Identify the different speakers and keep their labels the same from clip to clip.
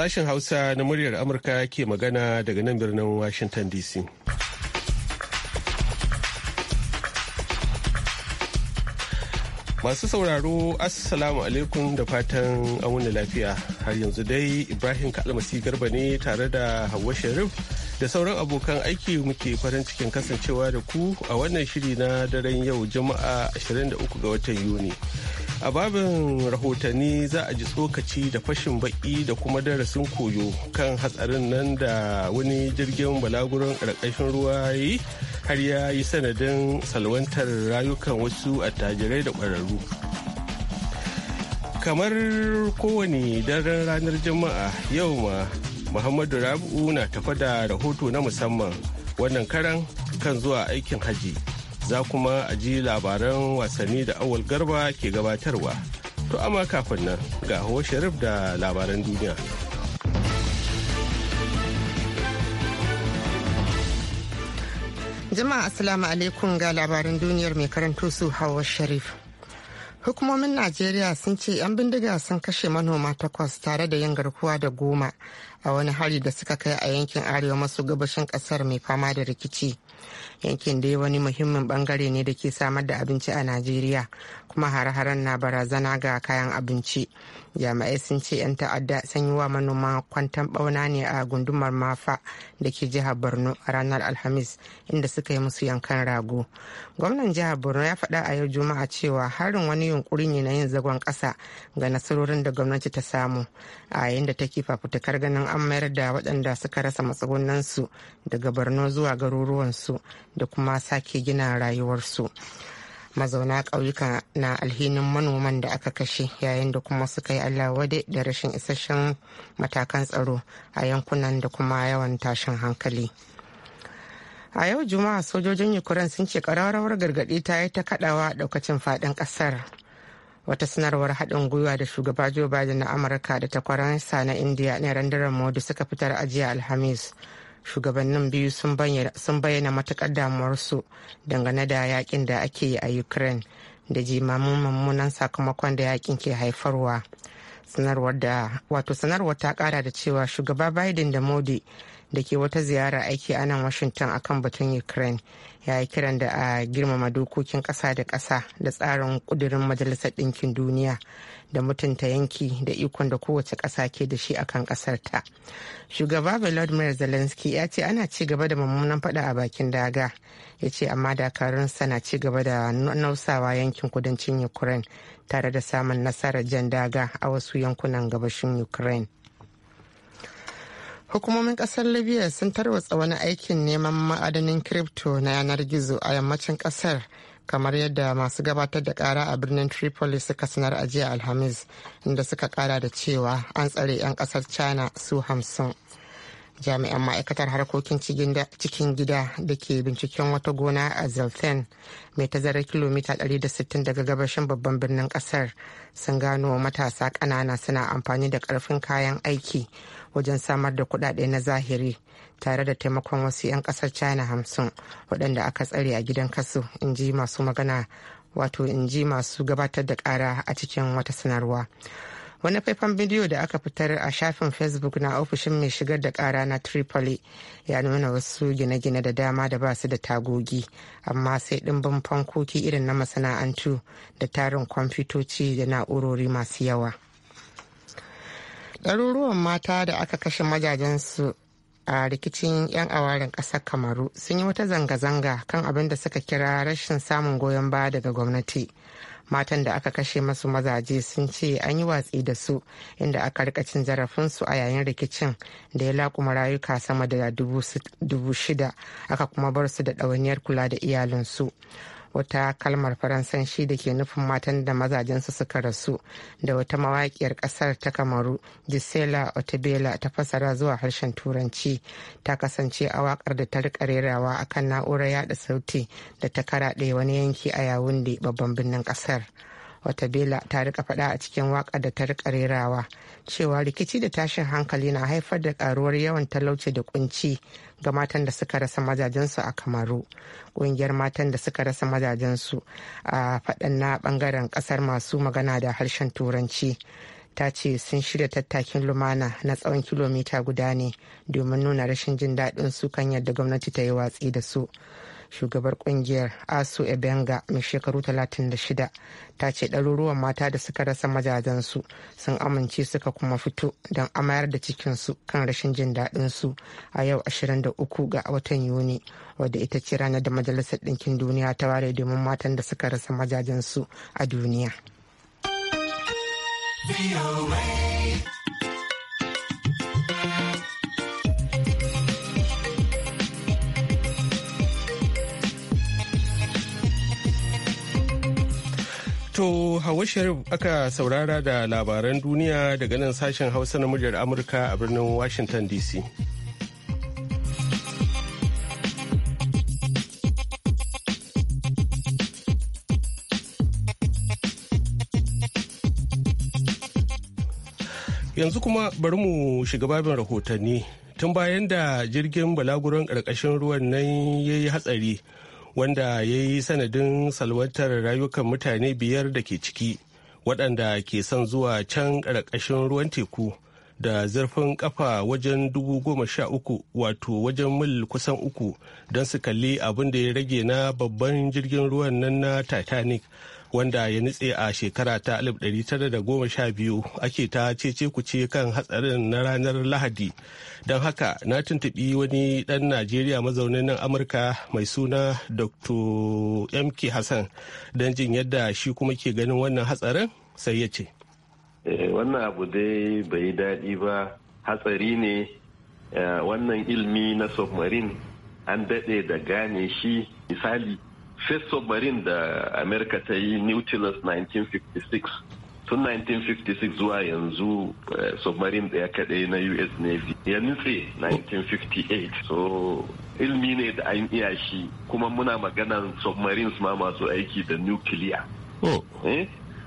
Speaker 1: Sashen Hausa na muryar Amurka ke magana daga nan birnin Washington DC. Masu sauraro Assalamu alaikum da fatan amurna lafiya har yanzu dai Ibrahim Kalmasi Garba ne tare da Hauwa Sharif da sauran abokan aiki muke farin cikin kasancewa da ku a wannan shiri na daren yau Juma'a 23 ga watan Yuni. a babin rahotanni za a ji tsokaci da fashin baki da kuma darasin koyo kan hatsarin nan da wani jirgin balaguron karkashin ruwa yi har ya yi sanadin salwantar rayukan wasu attajirai da ƙwararru kamar kowane daren ranar jama'a yau ma muhammadu rabu na tafa da rahoto na musamman wannan karan kan zuwa aikin hajji za kuma a ji labaran wasanni da awal garba ke gabatarwa. To amma kafin nan ga Hawa Sharif da labaran duniya.
Speaker 2: Jama'a Assalamu alaikum ga labaran duniyar mai karanto su Hawa Sharif. Hukumomin Najeriya sun ce 'yan bindiga sun kashe manoma takwas tare da yin garkuwa da goma a wani hari da suka kai a yankin arewa maso gabashin kasar mai fama da rikici. yankin dai wani muhimmin bangare ne da ke samar da abinci a najeriya kuma hare-haren na barazana ga kayan abinci jami'ai sun ce 'yan ta'adda sun yi wa manoma kwantan bauna ne a gundumar mafa da ke jihar borno a ranar alhamis inda suka yi musu yankan rago gwamnan jihar borno ya faɗa a yau juma'a cewa harin wani yunkuri ne na yin zagon ƙasa ga nasarorin da gwamnati ta samu a yayin da take fafutukar ganin an mayar da waɗanda suka rasa matsugunansu daga borno zuwa garuruwansu da kuma sake gina rayuwarsu mazauna ƙauyuka na alhinin manoman da aka kashe yayin da kuma suka yi allah wade da rashin isasshen matakan tsaro a yankunan da kuma yawan tashin hankali a yau juma'a sojojin ukraine sun ce kararrawar gargaɗi ta yi ta kaɗawa ɗaukacin faɗin ƙasar wata sanarwar haɗin gwiwa da shugaba joe biden na amurka da takwaransa na indiya ne randaran modi suka fitar a jiya alhamis shugabannin biyu sun bayyana matukar damuwarsu dangane da yakin da ake yi a ukraine da jimamin mummunan sakamakon da yakin ke haifarwa sanarwar ta kara da cewa shugaba biden da modi da ke wata ziyara aiki a nan washington akan batun ukraine ya yi kiran da a girmama dokokin ƙasa da ƙasa da tsarin ƙudurin majalisar ɗinkin duniya da mutunta yanki da ikon da kowace ƙasa ke da shi akan ƙasar ta shugaba volodymyr zelensky ya ce ana ci gaba da mummunan faɗa a bakin daga ya ce amma dakarunsa na ci gaba da nausawa yankin kudancin ukraine tare da samun nasarar jan daga a wasu yankunan gabashin ukraine hukumomin kasar libya sun tarwatsa wani aikin neman ma'adanin crypto na yanar gizo a yammacin kasar kamar yadda masu gabatar da kara a birnin tripoli suka sanar a jiya alhamis inda suka kara da cewa an tsare 'yan kasar china su hamsin jami'an ma'aikatar harkokin cikin gida da ke binciken wata gona a zelten mai tazarar kilomita 160 daga gabashin babban birnin kasar sun gano matasa ƙanana suna amfani da karfin kayan aiki wajen samar da kuɗaɗe na zahiri tare da taimakon wasu 'yan ƙasar china hamsin waɗanda aka tsare a gidan kasu in ji masu magana wato in ji masu gabatar da ƙara a cikin wata sanarwa wani faifan bidiyo da aka fitar a shafin facebook na ofishin mai shigar da kara na tripoli ya nuna wasu gine-gine da dama da basu da tagogi amma sai ɗimbin fankoki irin na masana'antu da tarin kwamfutoci da na'urori masu yawa. ɗaruruwan mata da aka kashe majajensu a rikicin 'yan awarin ƙasar kamaru sun yi wata zanga-zanga kan abin da suka kira rashin samun goyon baya daga gwamnati matan da aka kashe masu mazaje sun ce an yi watsi da su inda aka rika cin zarafinsu a yayin rikicin da ya laƙuma rayuka sama da dubu shida aka kuma bar su da ɗawainiyar kula da iyalinsu wata kalmar faransanci da ke nufin matan da mazajensu suka rasu da wata mawaƙiyar ƙasar ta kamaru gisela otabela ta fasara zuwa harshen turanci ta kasance a waƙar da ta rika rerawa kan na'urar yada sauti da ta karaɗe wani yanki a yawun da babban birnin ƙasar bela ta rika faɗa a cikin waka da ta rika rerawa cewa rikici da tashin hankali na haifar da ƙaruwar yawan talauci da kunci ga matan da suka rasa mazajensu a kamaru ƙungiyar matan da suka rasa mazajensu a faɗan na ɓangaren ƙasar masu magana da harshen turanci ta ce sun shirya tattakin lumana na tsawon kilomita guda ne domin nuna rashin jin daɗin su kan yadda gwamnati ta yi watsi da su shugabar kungiyar asu ebenga mai shekaru 36 ta ce ɗaruruwan mata da suka rasa majajensu sun amince suka kuma fito don amayar da cikinsu kan rashin jin daɗinsu a yau 23 ga watan yuni wadda ita ce ranar da majalisar ɗinkin duniya ta ware domin matan da suka rasa majajensu a duniya.
Speaker 1: To Hawa Sharif aka saurara da labaran duniya daga nan sashen Hausa na muryar Amurka a birnin Washington DC. Yanzu kuma bari mu shiga babin rahotanni tun bayan da jirgin balaguron ƙarƙashin ruwan nan ya yi hatsari. wanda ya yi sanadin salwantar rayukan mutane biyar da ke ciki waɗanda ke son zuwa can ƙarƙashin ruwan teku da zurfin ƙafa wajen dubu goma sha uku wato wajen mil kusan uku don su kalli abin da ya rage na babban jirgin ruwan nan na titanic wanda ya nutse a shekara ta 1912 ake ta cece kuce kan hatsarin na ranar lahadi don haka na tuntubi wani dan najeriya mazaunin nan amurka mai suna dr mk hassan don jin yadda shi kuma ke ganin wannan hatsarin sai ya ce
Speaker 3: eh, wannan abu dai bai yi daɗi ba hatsari ne eh, wannan ilmi na submarine an daɗe da gane shi misali first submarine da america ta yi nautilus 1956 tun 1956 zuwa yanzu eh, submarine daya kaɗe na us navy ya nutse 1958 so ilmi ne da an iya shi kuma muna maganan submarines ma masu aiki da nukiliya oh. eh?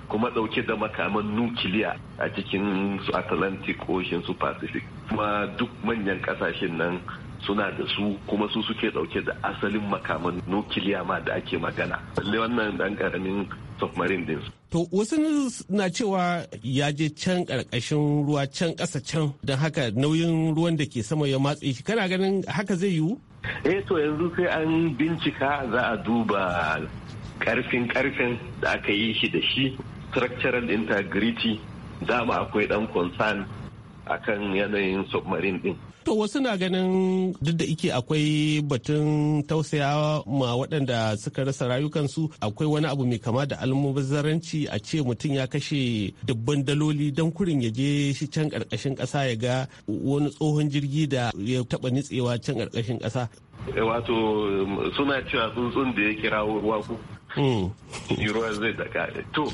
Speaker 3: kuma dauke da makaman nukiliya a cikin su atlantic ocean su pacific kuma duk manyan kasashen nan suna da su kuma su suke dauke da asalin makaman nukiliya ma da ake magana balle wannan dan karamin submarine din
Speaker 1: to wasu na cewa ya je can karkashin ruwa can kasa can don haka nauyin ruwan da ke sama ya matse shi kana ganin haka zai yiwu
Speaker 3: eh to yanzu sai an bincika za a duba karfin karfin da aka yi shi da shi structural integrity dama akwai dan concern akan yanayin submarine din
Speaker 1: To wasu na ganin duk da ike akwai batun tausaya ma waɗanda suka rasa rayukansu akwai wani abu mai kama da almubazzaranci a ce mutum ya kashe dubban daloli don kurin ya je shi can ƙarƙashin ƙasa ya ga wani tsohon jirgi da ya taɓa nitsewa can ƙarƙashin ƙasa.
Speaker 3: Eh, wato suna cewa tsuntsun da ya kira ruwa ku. Hmm. Ruwa zai daka. To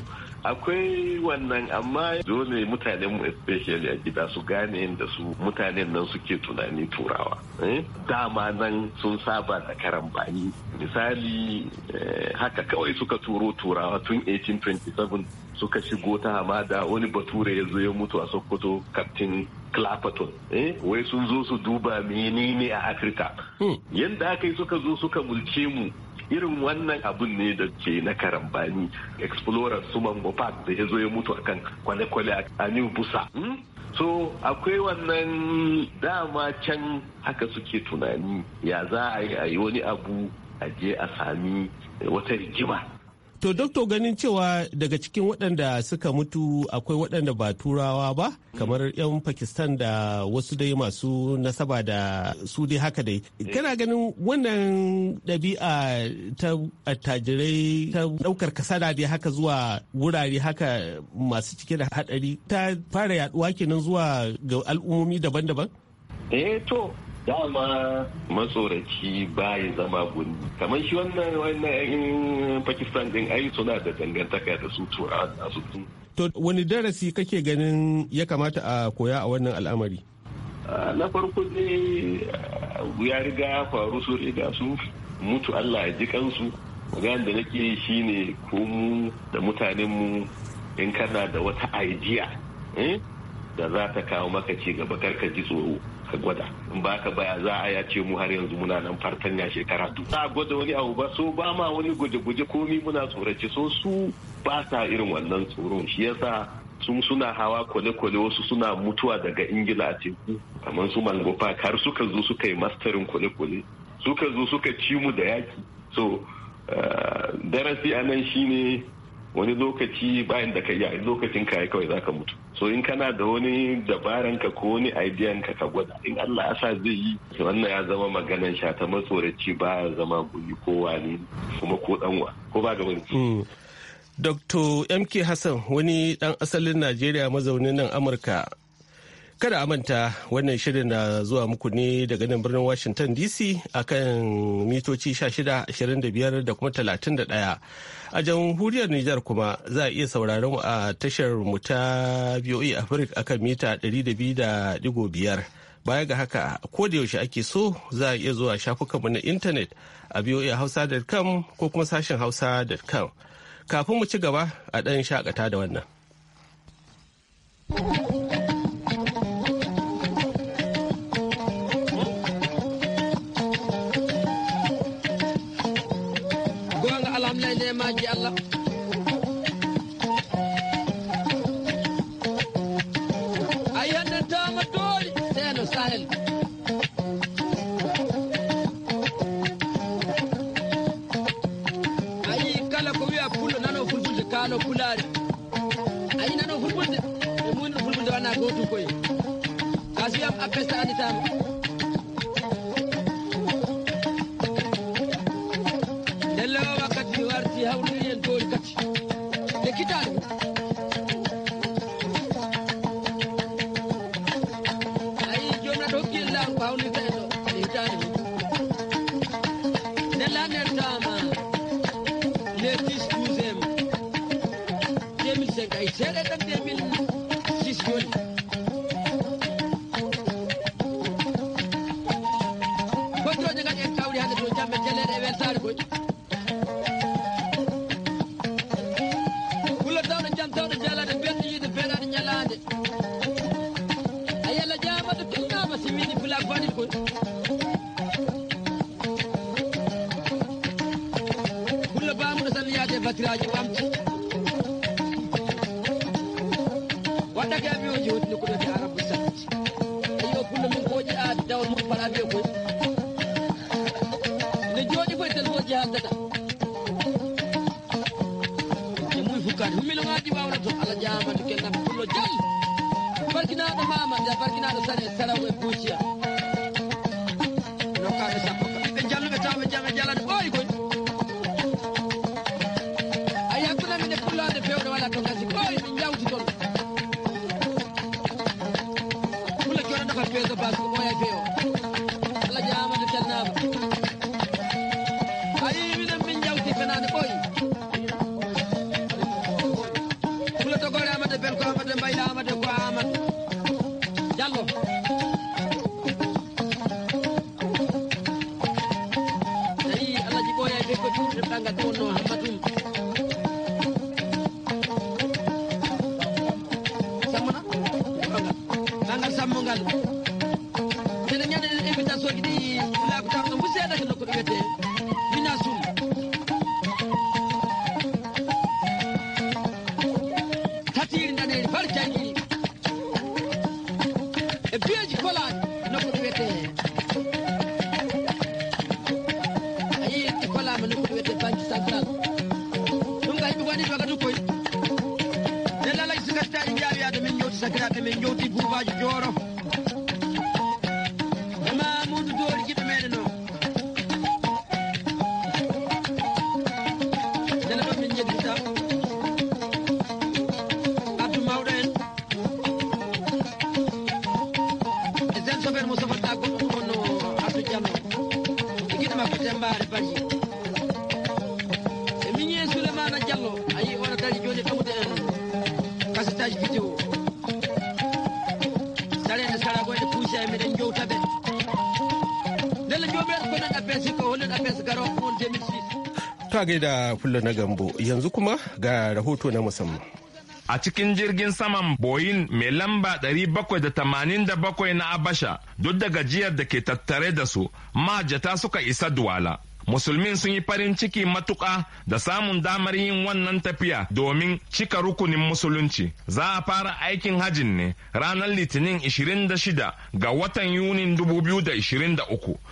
Speaker 3: akwai wannan amma dole mutanen mu especially a gida su gane inda su mutanen nan suke tunani turawa eh, dama nan sun saba da karan bani misali eh, haka kawai suka turo turawa tun 1827 suka shigo ta hamada wani bature ya zo ya mutu a sokoto captain clapperton eh, wai sun zo su duba menene a afirka hmm. yadda aka yi suka zo suka mulke mu irin wannan abun ne da ke na karambani explorer suman park da ya zo ya mutu akan kwale-kwale a new busa hmm? so akwai wannan dama can haka suke tunani ya za a yi wani abu a je a sami wata rigima
Speaker 1: To doktor ganin cewa daga cikin waɗanda suka mutu akwai waɗanda ba turawa ba kamar 'yan Pakistan da wasu dai masu nasaba da su dai haka dai. Kana ganin wannan ɗabi'a ta attajirai ta ɗaukar kasada dai haka zuwa wurare haka masu cike da haɗari ta fara yaɗuwa kenan zuwa ga al'ummomi daban-daban?
Speaker 3: Eh to dama matsoraci ba zama guni. kamar shi wannan wannan pakistan din ai suna da dangantaka da su turawa su
Speaker 1: to wani darasi kake ganin ya kamata a koya a wannan al'amari
Speaker 3: na farko ne uh, ya riga faru su riga su mutu allah ya ji kansu magana da nake shi ne ko mu da mutanenmu in kana da wata idea eh, da za ta kawo maka ci gaba karka ji tsoro ka gwada in ba ka baya za a ya ce mu har yanzu muna nan fartanya shekara duk za a gwada wani abu ba so ba ma wani guje-guje komi muna tsorace so su ba sa irin wannan tsoron shi yasa sun suna hawa kwale-kwale wasu suna mutuwa daga ingila a teku kamar su mango park har suka zo suka yi mastarin kwale-kwale suka zo suka ci mu da yaki so eh, darasi a nan shine wani lokaci bayan da ka yi lokacin kayi kawai zaka mutu so in kana da wani dabaran ka ko wani idean ka ka gwada in Allah ya sa zai yi wannan ya zama maganan sha ta matsoraci ba ya zama guri kowa ne kuma ko danwa ko ba ga wani
Speaker 1: hmm. Dr. MK Hassan wani dan asalin Najeriya mazaunin nan Amurka Kada a manta wannan shirin na zuwa muku ne daga nan birnin Washington DC akan mitoci 16-25 da kuma 31. A jamhuriyar Nijar kuma za a iya sauraron a tashar mu ta BOE Africa akan mita 200.5. Baya ga haka, ko da yaushe ake so za a iya zuwa shafukanmu na intanet a boahausa.com ko kuma sashen hausa.com. Kafin mu ci gaba a ɗan shakata da wannan.
Speaker 4: Yellow. da meteler evvel sarkuç coisa pra tu conhecer. sagrate, me yo ti buba lloro.
Speaker 1: gaida kula na gambo yanzu kuma ga rahoto na musamman.
Speaker 5: a cikin jirgin saman Boeing mai lamba 787 na Abasha duk da gajiyar da ke tattare da su majata suka isa Duwala. Musulmin sun yi farin ciki matuƙa da samun damar yin wannan tafiya domin cika rukunin musulunci. Za a fara aikin hajin ne ranar Litinin 26 ga watan Yunin 2023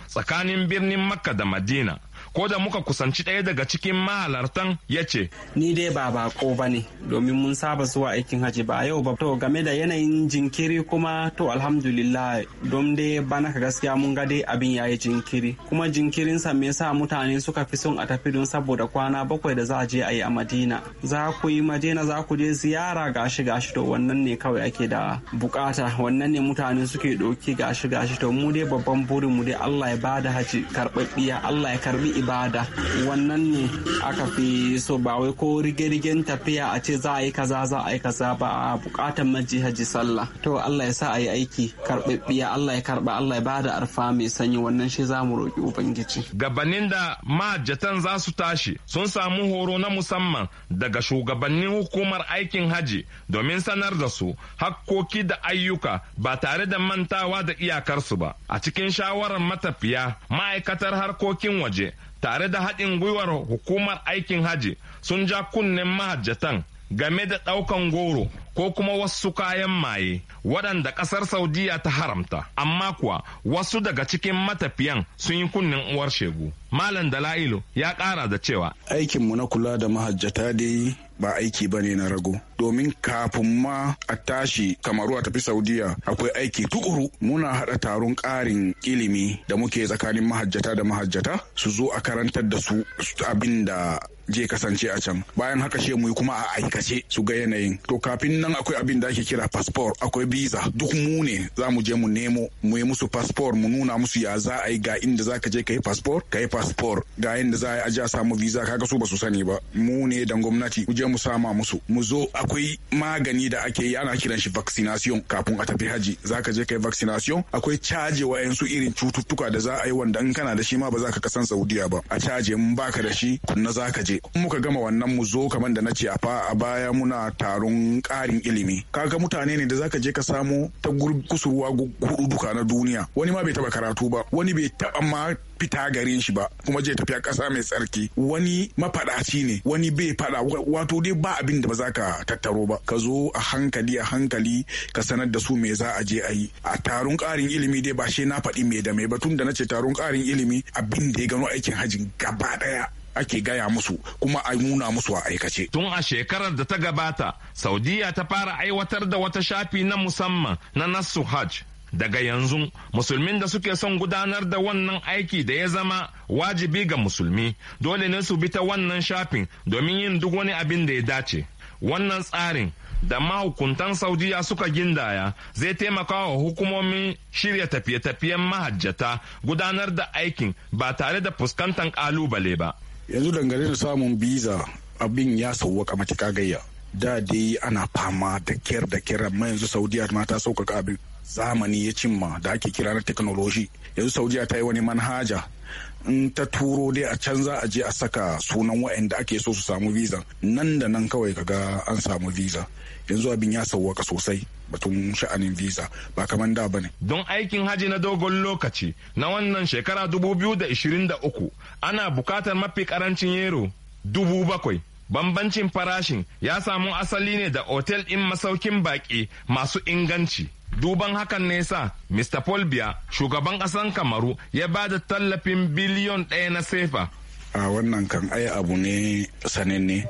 Speaker 5: tsakanin birnin Makka da Madina. ko da muka kusanci ɗaya daga cikin mahalartan ya ce
Speaker 1: ni dai ba bako ba ne domin mun saba zuwa aikin hajji ba yau ba to game da yanayin jinkiri kuma to alhamdulillah don dai bana ka gaskiya mun ga dai abin yayi jinkiri kuma jinkirin sa me yasa mutane suka fi son a tafi don saboda kwana bakwai da za a je a yi a madina za ku yi madina za ku je ziyara gashi gashi to wannan ne kawai ake da bukata wannan ne mutane suke ɗauki gashi gashi to mu dai babban burin mu dai Allah ya bada haji karɓaɓɓiya Allah ya karɓi ibada wannan ne aka fi so ba wai ko rige tafiya a ce za a yi kaza za a yi kaza ba a bukatar haji sallah to Allah ya sa a yi aiki karɓaɓɓiya Allah ya karɓa Allah ya bada arfa mai sanyi wannan shi za mu roƙi ubangiji
Speaker 5: gabanin da mahajjatan za su tashi sun samu horo na musamman daga shugabannin hukumar aikin haji domin sanar da su hakkoki da ayyuka ba tare da mantawa da iyakarsu ba a cikin shawarar matafiya ma'aikatar harkokin waje tare da haɗin gwiwar hukumar aikin haji sun ja kunnen mahajjatan game da ɗaukan goro ko kuma wasu kayan maye waɗanda ƙasar saudiya ta haramta amma kuwa wasu daga cikin matafiyan sun yi kunnen uwar shegu Malam Dala'ilu ya ƙara da cewa.
Speaker 6: Aikinmu na kula da mahajjata dai ba aiki ba ne na rago. Domin kafin ma a tashi kamaru a tafi Saudiya akwai aiki tukuru muna haɗa taron ƙarin ilimi da muke tsakanin mahajjata da mahajjata su zo a karantar da su abin da je kasance a can bayan haka she mu kuma a aikace su ga yanayin to kafin nan akwai abin da ake kira passport akwai biza duk mu ne za mu je mu nemo mu yi musu passport mu nuna musu ya za a yi ga inda za ka je ka yi passport ka yi passport ga yadda za a je a samu visa kaga su ba su sani ba mu ne dan gwamnati mu je mu sama musu mu zo akwai magani da ake yi ana kiran shi vaccination kafin a tafi haji za ka je kai vaccination akwai caje wa yansu irin cututtuka da za a yi wanda in kana da shi ma ba za ka kasan Saudiya ba a caje mun baka da shi kunna za ka je muka gama wannan mu zo kamar da na ce a fa a baya muna taron karin ilimi kaga mutane ne da za ka je ka samu ta kusurwa hudu duka na duniya wani ma bai taba karatu ba wani bai taba ma fita gare shi ba kuma je tafiya ƙasa mai tsarki wani mafaɗaci ne wani bai faɗa wato dai ba abin da ba za ka tattaro ba ka zo a hankali a hankali ka sanar da su me za a je a yi a taron ƙarin ilimi dai ba shi na faɗi mai da me ba tun da na ce taron ƙarin ilimi abin da ya gano
Speaker 5: aikin hajin gaba ɗaya ake gaya musu kuma a nuna musu a aikace. Tun a shekarar da ta gabata, Saudiya ta fara aiwatar da wata shafi na musamman na nasu Hajj daga yanzu musulmin da suke son gudanar da wannan aiki da ya zama wajibi ga musulmi dole ne su bi ta wannan shafin domin yin duk wani abin da ya dace wannan tsarin da mahukuntan saudiya suka gindaya zai taimaka wa hukumomin shirya tafiye-tafiyen mahajjata gudanar da aikin ba tare da fuskantar kalubale ba
Speaker 6: yanzu dangane da samun biza abin ya sauwaka matuƙa gayya da dai ana fama da kyar da kyar amma yanzu saudiya ma ta sauƙaƙa abin zamani ya cimma da ake kira na teknoloji yanzu saudiya ta yi wani manhaja in ta turo dai a canza a je a saka sunan da ake so su samu visa nan da nan kawai kaga an samu visa yanzu abin ya sauwaka sosai batun sha'anin visa ba kamar
Speaker 5: da bane don aikin haji na dogon lokaci na wannan shekara 2023 ana bukatar mafi karancin yero dubu bakwai bambancin farashin ya samu asali ne da otel ɗin masaukin baƙi masu inganci duban hakan ne sa mr paul biya shugaban ƙasan kamaru ya ba da tallafin biliyon ɗaya na sefa
Speaker 6: a wannan kan ai abu ne sananne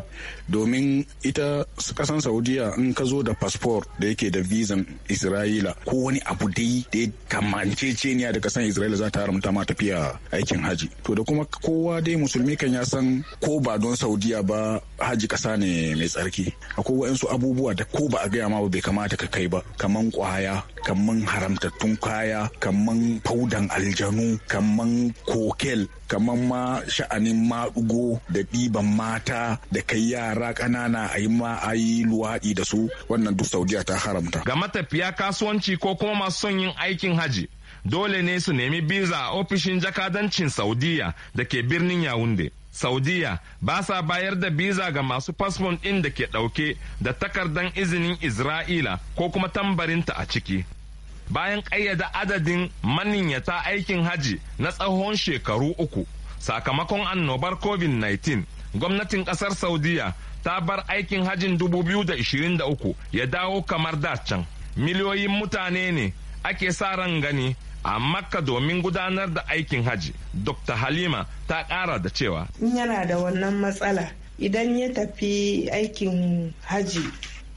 Speaker 6: domin ita kasan saudiya in ka zo da fasfor da yake da vizan isra'ila ko wani abu dai da ya kamanceceniya da kasan isra'ila za ta haramta ma tafiya aikin haji to da kuma kowa dai musulmi kan ya san ko ba don saudiya ba haji kasa ne mai tsarki akwai wa'insu abubuwa da ko ba a gaya ma ba bai kamata ka kai ba kaman kwaya kaman haramtattun kaya kaman faudan aljanu kaman kokel kamar ma sha'anin maɗugo da ɗiban mata da kai yara ƙanana a yi ma luwaɗi da su wannan duk saudiya ta haramta ga
Speaker 5: matafiya kasuwanci ko kuma masu son yin aikin hajji dole ne su nemi biza a ofishin jakadancin saudiya da ke birnin yawunde saudiya ba sa bayar da biza ga masu fasfon ɗin da ke ɗauke da takardar izinin isra'ila ko kuma tambarinta a ciki bayan ƙayyada adadin maniyyata aikin haji na tsawon shekaru uku sakamakon annobar covid-19 gwamnatin ƙasar saudiya ta bar aikin hajin 2023 ya dawo kamar can miliyoyin mutane ne ake sa ran gani a makka domin gudanar da aikin haji dr halima ta ƙara da cewa
Speaker 7: yana da wannan matsala idan ya tafi aikin haji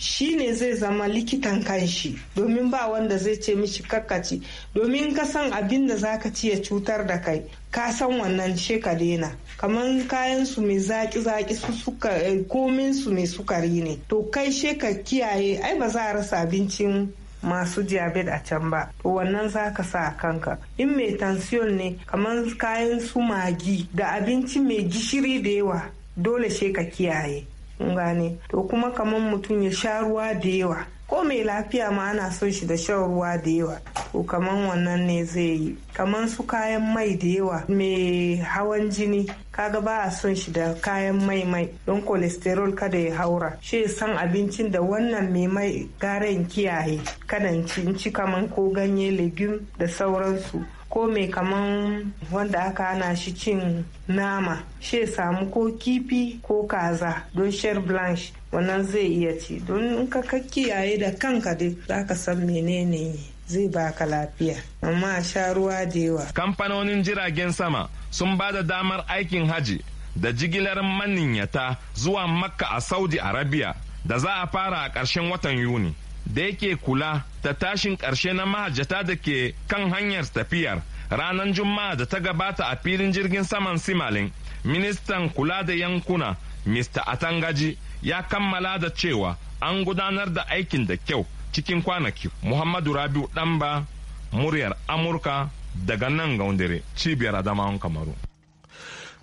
Speaker 7: shi ne zai zama likitan kanshi domin ba wanda zai ce mishi kakkaci domin ka san abin da zaka ci ya cutar da kai ka san wannan she ka daina kamar kayan su mai zaki zaki su suka eh, komin su mai sukari ne to kai she ka kiyaye ai ba za a rasa abincin masu diabet a can ba to wannan za ka sa a kanka in mai tansiyon ne kamar kayan su magi da abinci mai gishiri da yawa dole she ka kiyaye gane to kuma kamar mutum ya sha ruwa da yawa ko mai lafiya ma ana son shi da shan ruwa da yawa to kamar wannan ne zai yi kamar su kayan mai da yawa mai hawan jini kaga ba a son shi da kayan mai mai don cholesterol kada ya haura shi san abincin da wannan mai mai garen kiyaye kada in ci kaman ko ganye legume da sauransu ko mai kaman wanda aka hana shi cin nama shi samu ko kifi ko kaza don shar blanche wannan zai iya ci don in ka kiyaye da kanka dai za ka san menene zai baka lafiya amma sha ruwa da yawa
Speaker 5: kamfanonin jiragen sama sun ba da damar aikin haji da jigilar maniyyata zuwa makka a saudi arabia da za a fara a ƙarshen watan yuni da yake kula ta tashin ƙarshe na mahajjata da ke kan hanyar tafiyar ranar juma'a da ta gabata a filin jirgin saman simalin ministan kula da yankuna mr atangaji ya kammala da cewa an gudanar da aikin da kyau cikin kwanaki muhammadu rabiu ɗanba
Speaker 1: muryar amurka daga nan gaundare cibiyar adamawan kamaru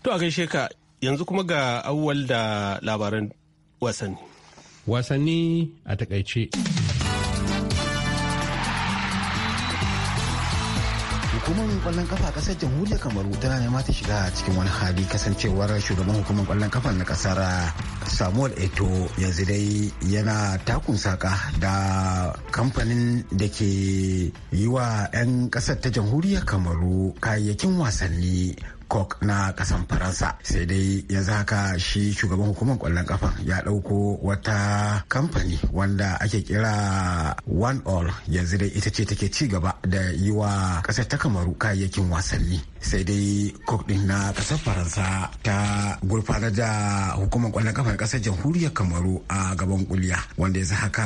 Speaker 1: to a gaishe ka yanzu kuma ga da labaran wasanni
Speaker 8: wasanni a takaice hukumar kwallon kafa kasar jamhuriyar kamaru tana nema ta shiga cikin wani hali kasancewar shugaban hukumar kwallon kafa na kasar samuel eto yanzu dai yana takun saka da kamfanin da ke yi wa 'yan kasar ta jamhuriyar kamaru kayayyakin wasanni Coq na kasan Faransa. Sai dai yanzu haka shi shugaban hukumar kwallon kafan ya dauko wata kamfani wanda ake kira One All yanzu dai ita ce take ci gaba da yi wa ƙasar ta Kamaru kayayyakin wasanni. sai dai kok din na kasar faransa ta gurfanar da hukumar kwallon kafar kasar jamhuriyar kamaru a gaban kuliya wanda yanzu haka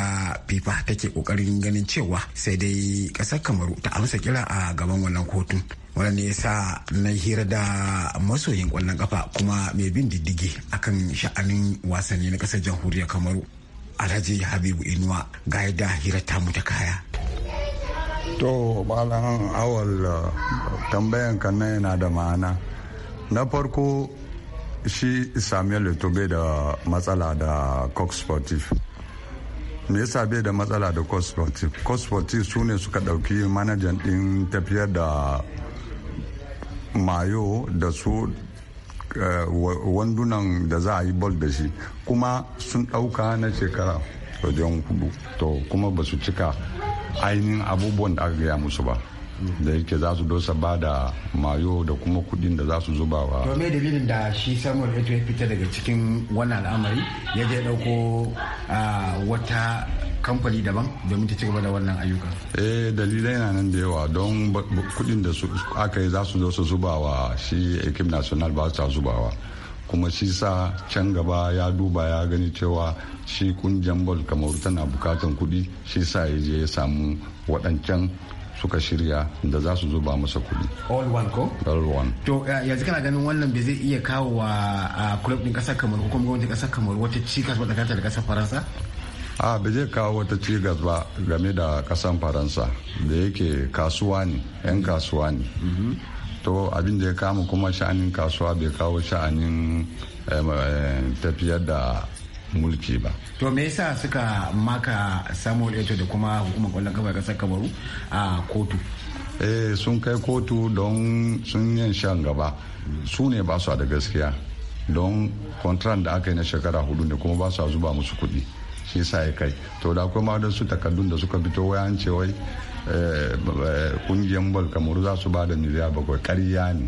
Speaker 8: fifa take kokarin ganin cewa sai dai kasar kamaru ta amsa kira a gaban wannan kotun wanda ne sa na hira da masoyin kwallon kafa kuma mai bin diddigi akan sha'anin wasanni na kasar jamhuriyar kamaru alhaji habibu inuwa ga yadda
Speaker 9: hira ta mu ta kaya to malam awal tambayan kan nan yana da ma'ana na farko shi samuel eto bai da matsala da cox sportif me yasa bai da matsala da cox sportif cox sportif su ne suka dauki manajan ɗin tafiyar da mayo da su eh, wandunan da za a yi bol da shi kuma sun ɗauka na shekara wajen hudu to kuma ba su cika ainihin abubuwan da aka gaya musu ba da yake za su dosa ba da mayo da kuma kudin da za su zuba wa. to
Speaker 8: me dalilin da shi samuel eto ya fita daga cikin wannan al'amari ya je dauko wata kamfani daban domin ta ci gaba da wannan ayyuka
Speaker 9: eh dalilai na nan da yawa don kudin da aka yi za su zo su zubawa shi ekim national ba su zubawa kuma shi sa can gaba ya duba ya gani cewa shi kun jambal kamaru tana bukatan kudi shi sa ya je ya samu waɗancan suka shirya da za su zuba masa kudi. All one ko? All one.
Speaker 8: To yanzu kana ganin wannan bai zai iya kawo wa kulob ɗin ƙasar kamar ko kuma gwamnatin ƙasar kamar wata cikas ba tsakanin da ƙasar Faransa?
Speaker 9: A bai zai kawo wata cikas ba game da kasar Faransa da yake kasuwa ne, 'yan kasuwa ne. Mm-hmm. to abin da ya kama kuma sha'anin kasuwa bai kawo sha'anin eh, eh, tafiyar da mulki ba
Speaker 8: to me yasa suka maka samuel eto da kuma hukumar kwallon kafa kasar kabaru a kotu
Speaker 9: eh sun kai kotu don sun yin shan gaba su ne ba su da gaskiya don kontran da aka yi na shekara hudu ne kuma ba su zuba musu kuɗi shi sa ya kai to da kuma da su takaddun da suka fito wai an wai Eh, eh, kungiyar bol kamaru za su ba da miliyar bakwai karya ne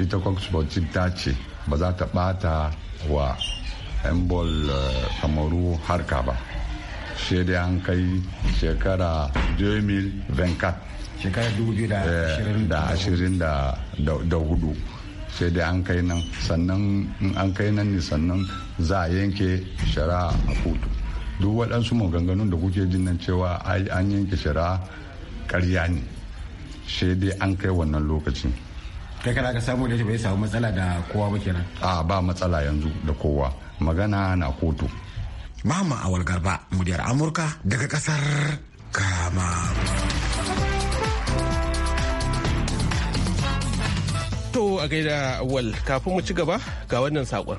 Speaker 9: ita sportive ta ce ba za ta bata wa 'yan bal eh, kamaru harka ba shi an kai shekara 2024 shekara 2024 sai dai an kai nan sannan an kai nan ne sannan za a yanke shari'a a kotu duk waɗansu maganganun da kuke jin nan cewa an yanke shari'a karya ne shi dai an kai wannan lokacin
Speaker 8: kai kana ka samu da bai samu matsala da kowa ba kenan
Speaker 9: a ba matsala yanzu da kowa magana na kotu mama awal garba mudiyar amurka daga kasar kama
Speaker 8: To a gaida awal
Speaker 1: kafin mu ci gaba ga wannan sakon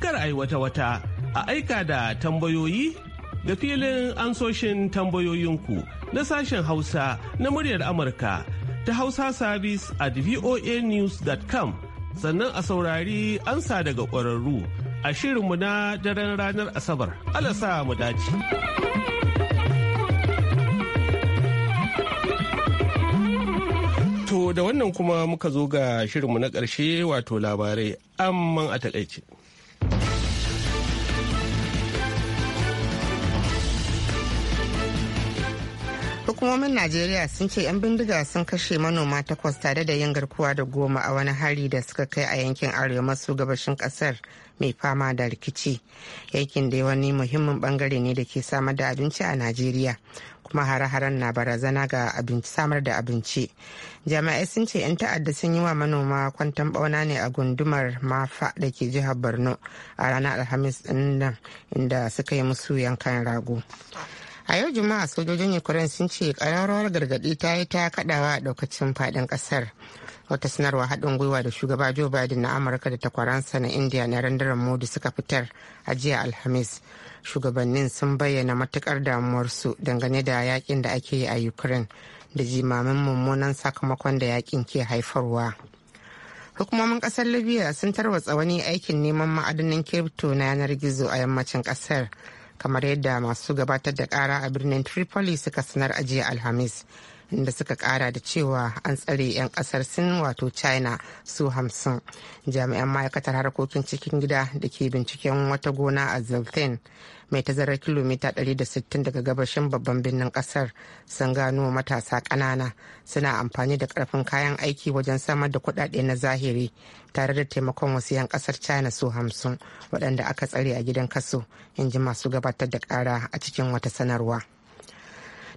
Speaker 1: kar a yi wata-wata a aika da tambayoyi da filin ansoshin tambayoyinku na sashen hausa na muryar amurka ta hausa service at voanews.com sannan a saurari ansa daga kwararru a shirinmu na daren ranar asabar alasa mu dace. to da wannan kuma muka zo ga shirinmu na ƙarshe wato labarai amman a taƙaice.
Speaker 2: hukumomin najeriya sun ce 'yan bindiga sun kashe manoma takwas tare da yin garkuwa da goma a wani hari da suka kai a yankin arewa maso gabashin kasar mai fama da rikici yankin da wani muhimmin bangare ne da ke samar da abinci a najeriya kuma hare-haren na barazana ga samar da abinci jami'ai sun ce 'yan ta'adda sun yi wa manoma kwantan bauna ne a gundumar mafa da ke jihar borno a ranar alhamis nan inda suka yi musu yankan rago a yau juma'a sojojin ukraine sun ce kararrawar gargadi ta yi ta kadawa a ɗaukacin faɗin ƙasar wata sanarwa haɗin gwiwa da shugaba joe biden na amurka da takwaransa na india na randaran modi suka fitar a jiya alhamis shugabannin sun bayyana matukar damuwarsu dangane da yakin da ake yi a ukraine da jimamin mummunan sakamakon da yakin ke haifarwa hukumomin kasar libya sun tarwatsa wani aikin neman ma'adanin kiripto na yanar gizo a yammacin kasar kamar yadda masu gabatar da kara a birnin tripoli suka sanar a jiya alhamis da suka kara da cewa an tsare 'yan kasar sin wato china su hamsin jami'an ma'aikatar harkokin cikin gida da ke binciken wata gona a zilthin mai tazarar kilomita 160 daga gabashin babban birnin kasar sun gano matasa kanana suna amfani da karfin kayan aiki wajen samar da kudade na zahiri tare da taimakon wasu 'yan kasar china su hamsin waɗanda aka tsare a gidan kaso in ji masu gabatar da kara a cikin wata sanarwa.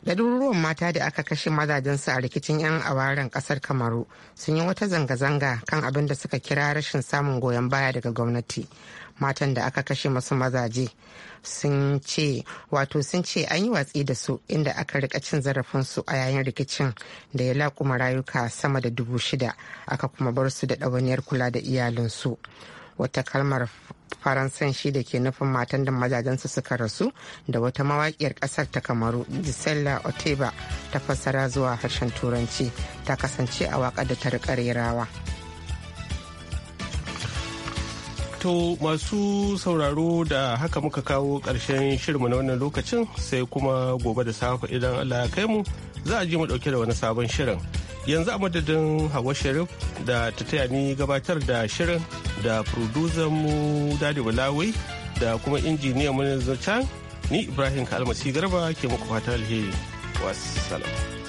Speaker 2: ɗaruruwan mata da aka kashe mazajensu a rikicin 'yan awaren ƙasar kamaru sun yi wata zanga-zanga kan abin da suka kira rashin samun goyon baya daga gwamnati matan da aka kashe masu mazaje sun ce wato sun ce an yi watsi da su inda aka rika cin zarafinsu a yayin rikicin da ya laƙuma rayuka sama da dubu shida aka kuma bar su da ɗawaniyar kula da iyalinsu wata kalmar faransanci da ke nufin matan da mazajensu suka rasu da wata mawaƙiyar kasar ta kamaru gisela oteba ta fassara zuwa harshen turanci ta kasance a waka da ta rawa.
Speaker 1: to masu sauraro da haka muka kawo ƙarshen shirinmu na wannan lokacin sai kuma gobe da safe idan allah ya kai mu za a ji mu ɗauke da wani sabon shirin yanzu a madadin hawa sharif da ta taya gabatar da shirin da mu dadi balawai da kuma injiniyan mu can ni ibrahim kalmasi garba ke muku fatan alheri wassalam